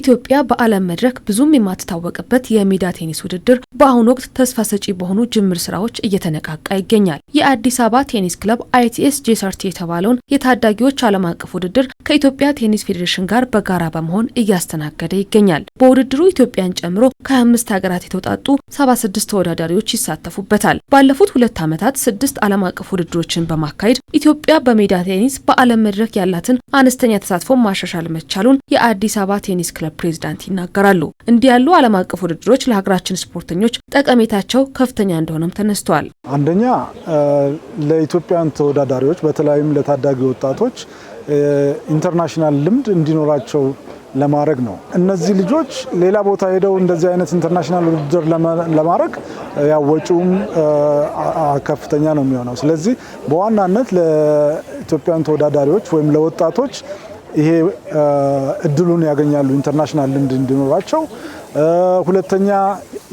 ኢትዮጵያ በዓለም መድረክ ብዙም የማትታወቅበት የሜዳ ቴኒስ ውድድር በአሁኑ ወቅት ተስፋ ሰጪ በሆኑ ጅምር ስራዎች እየተነቃቃ ይገኛል። የአዲስ አበባ ቴኒስ ክለብ አይቲኤስ ጄሰርቲ የተባለውን የታዳጊዎች ዓለም አቀፍ ውድድር ከኢትዮጵያ ቴኒስ ፌዴሬሽን ጋር በጋራ በመሆን እያስተናገደ ይገኛል። በውድድሩ ኢትዮጵያን ጨምሮ ከ25 ሀገራት የተውጣጡ 76 ተወዳዳሪዎች ይሳተፉበታል። ባለፉት ሁለት ዓመታት ስድስት ዓለም አቀፍ ውድድሮችን በማካሄድ ኢትዮጵያ በሜዳ ቴኒስ በዓለም መድረክ ያላትን አነስተኛ ተሳትፎ ማሻሻል መቻሉን የአዲስ አበባ ቴኒስ ክለብ ፕሬዚዳንት ይናገራሉ። እንዲህ ያሉ ዓለም አቀፍ ውድድሮች ለሀገራችን ስፖርተኞች ጠቀሜታቸው ከፍተኛ እንደሆነም ተነስተዋል። አንደኛ ለኢትዮጵያን ተወዳዳሪዎች በተለይም ለታዳጊ ወጣቶች ኢንተርናሽናል ልምድ እንዲኖራቸው ለማድረግ ነው። እነዚህ ልጆች ሌላ ቦታ ሄደው እንደዚህ አይነት ኢንተርናሽናል ውድድር ለማድረግ ያው ከፍተኛ ነው የሚሆነው። ስለዚህ በዋናነት ለኢትዮጵያውያን ተወዳዳሪዎች ወይም ለወጣቶች ይሄ እድሉን ያገኛሉ፣ ኢንተርናሽናል ልምድ እንዲኖራቸው። ሁለተኛ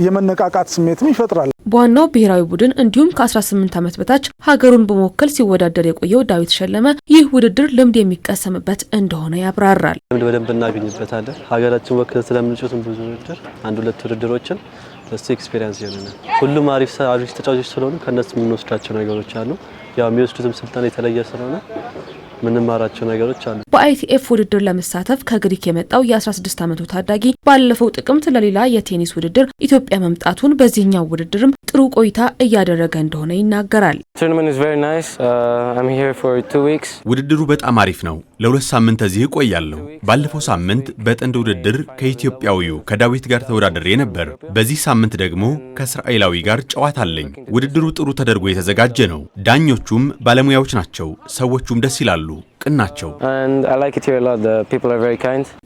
የመነቃቃት ስሜትም ይፈጥራል። በዋናው ብሔራዊ ቡድን እንዲሁም ከ18 ዓመት በታች ሀገሩን በመወከል ሲወዳደር የቆየው ዳዊት ሸለመ ይህ ውድድር ልምድ የሚቀሰምበት እንደሆነ ያብራራል። ልምድ በደንብ እናገኝበታለን። ሀገራችን ወክለን ስለምንጩትም ብዙ ውድድር አንድ ሁለት ውድድሮችን እሱ ኤክስፔሪንስ ይሆነ ሁሉም አሪፍ ተጫዋቾች ስለሆኑ ከእነሱ የምንወስዳቸው ነገሮች አሉ። ያው የሚወስዱትም ስልጠና የተለየ ስለሆነ ምንማራቸው ነገሮች አሉ። በአይቲኤፍ ውድድር ለመሳተፍ ከግሪክ የመጣው የ16 ዓመቱ ታዳጊ ባለፈው ጥቅምት ለሌላ የቴኒስ ውድድር ኢትዮጵያ መምጣቱን በዚህኛው ውድድርም ጥሩ ቆይታ እያደረገ እንደሆነ ይናገራል። uh, ውድድሩ በጣም አሪፍ ነው። ለሁለት ሳምንት እዚህ እቆያለሁ። ባለፈው ሳምንት በጥንድ ውድድር ከኢትዮጵያዊው ከዳዊት ጋር ተወዳድሬ ነበር። በዚህ ሳምንት ደግሞ ከእስራኤላዊ ጋር ጨዋታ አለኝ። ውድድሩ ጥሩ ተደርጎ የተዘጋጀ ነው። ዳኞቹም ባለሙያዎች ናቸው። ሰዎቹም ደስ ይላሉ። l'eau. ቅን ናቸው።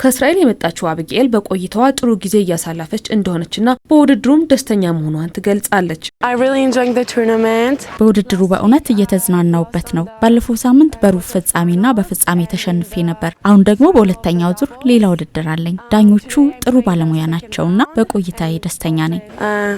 ከእስራኤል የመጣችው አብጌኤል በቆይታዋ ጥሩ ጊዜ እያሳለፈች እንደሆነችና በውድድሩም ደስተኛ መሆኗን ትገልጻለች። በውድድሩ በእውነት እየተዝናናውበት ነው። ባለፈው ሳምንት በሩብ ፍጻሜና በፍጻሜ ተሸንፌ ነበር። አሁን ደግሞ በሁለተኛው ዙር ሌላ ውድድር አለኝ። ዳኞቹ ጥሩ ባለሙያ ናቸውና በቆይታዬ ደስተኛ ነኝ። uh,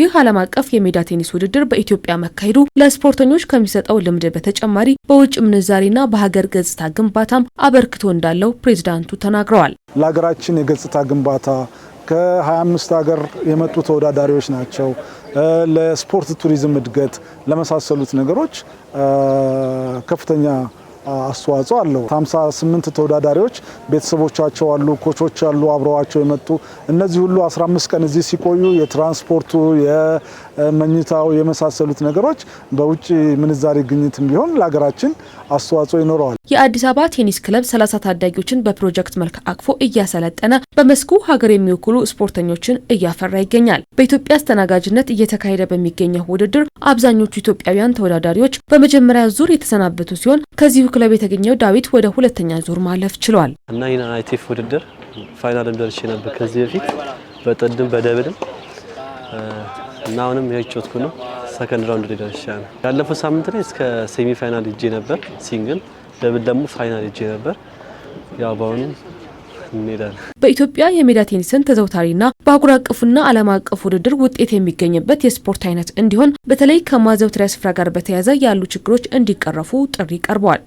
ይህ ዓለም አቀፍ የሜዳ ቴኒስ ውድድር በኢትዮጵያ መካሄዱ ለስፖርተኞች ከሚሰጠው ልምድ በተጨማሪ በውጭ ምንዛ ምንዛሬና በሀገር ገጽታ ግንባታም አበርክቶ እንዳለው ፕሬዚዳንቱ ተናግረዋል። ለሀገራችን የገጽታ ግንባታ ከ25 ሀገር የመጡ ተወዳዳሪዎች ናቸው። ለስፖርት ቱሪዝም እድገት ለመሳሰሉት ነገሮች ከፍተኛ አስተዋጽኦ አለው። 58 ተወዳዳሪዎች ቤተሰቦቻቸው አሉ፣ ኮቾች አሉ፣ አብረዋቸው የመጡ እነዚህ ሁሉ 15 ቀን እዚህ ሲቆዩ የትራንስፖርቱ፣ የመኝታው የመሳሰሉት ነገሮች በውጭ ምንዛሬ ግኝትም ቢሆን ለሀገራችን አስተዋጽኦ ይኖረዋል። የአዲስ አበባ ቴኒስ ክለብ 30 ታዳጊዎችን በፕሮጀክት መልክ አቅፎ እያሰለጠነ በመስኩ ሀገር የሚወክሉ ስፖርተኞችን እያፈራ ይገኛል። በኢትዮጵያ አስተናጋጅነት እየተካሄደ በሚገኘው ውድድር አብዛኞቹ ኢትዮጵያውያን ተወዳዳሪዎች በመጀመሪያ ዙር የተሰናበቱ ሲሆን ከዚሁ ክለብ የተገኘው ዳዊት ወደ ሁለተኛ ዙር ማለፍ ችሏል። እና ይህን አይቲፍ ውድድር ፋይናልም ደርሼ ነበር ከዚህ በፊት በጥድም በደብልም እና አሁንም የህቾትኩ ነው ሰከንድ ራውንድ ደርሻ ነው። ያለፈው ሳምንት ላይ እስከ ሴሚ ፋይናል እጄ ነበር ሲንግል፣ ደብል ደግሞ ፋይናል እጄ ነበር። ያው በአሁኑ በኢትዮጵያ የሜዳ ቴኒስን ተዘውታሪና በአህጉር አቀፉና ዓለም አቀፍ ውድድር ውጤት የሚገኝበት የስፖርት አይነት እንዲሆን በተለይ ከማዘውተሪያ ስፍራ ጋር በተያያዘ ያሉ ችግሮች እንዲቀረፉ ጥሪ ቀርበዋል።